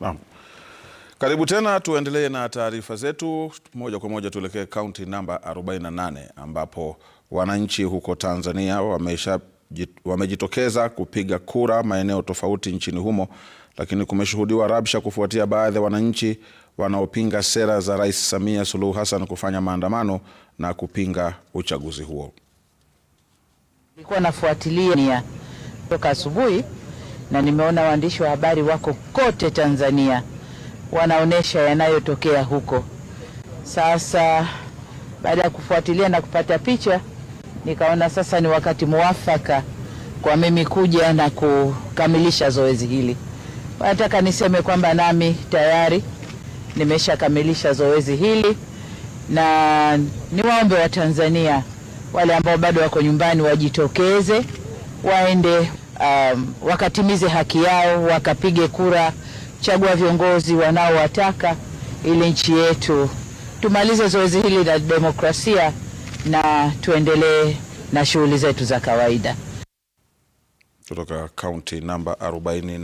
Naam. Karibu tena, tuendelee na taarifa zetu. Moja kwa moja tuelekee kaunti namba 48 ambapo wananchi huko Tanzania wamesha wamejitokeza kupiga kura maeneo tofauti nchini humo, lakini kumeshuhudiwa rabsha kufuatia baadhi ya wananchi wanaopinga sera za Rais Samia Suluhu Hassan kufanya maandamano na kupinga uchaguzi huo. Nilikuwa nafuatilia toka asubuhi na nimeona waandishi wa habari wako kote Tanzania wanaonesha yanayotokea huko. Sasa baada ya kufuatilia na kupata picha, nikaona sasa ni wakati muwafaka kwa mimi kuja na kukamilisha zoezi hili. Nataka niseme kwamba nami tayari nimeshakamilisha zoezi hili, na niwaombe Watanzania wale ambao bado wako nyumbani wajitokeze waende um, wakatimize haki yao, wakapige kura, chagua viongozi wanaowataka ili nchi yetu tumalize zoezi hili la demokrasia na tuendelee na shughuli zetu za kawaida. Kutoka kaunti namba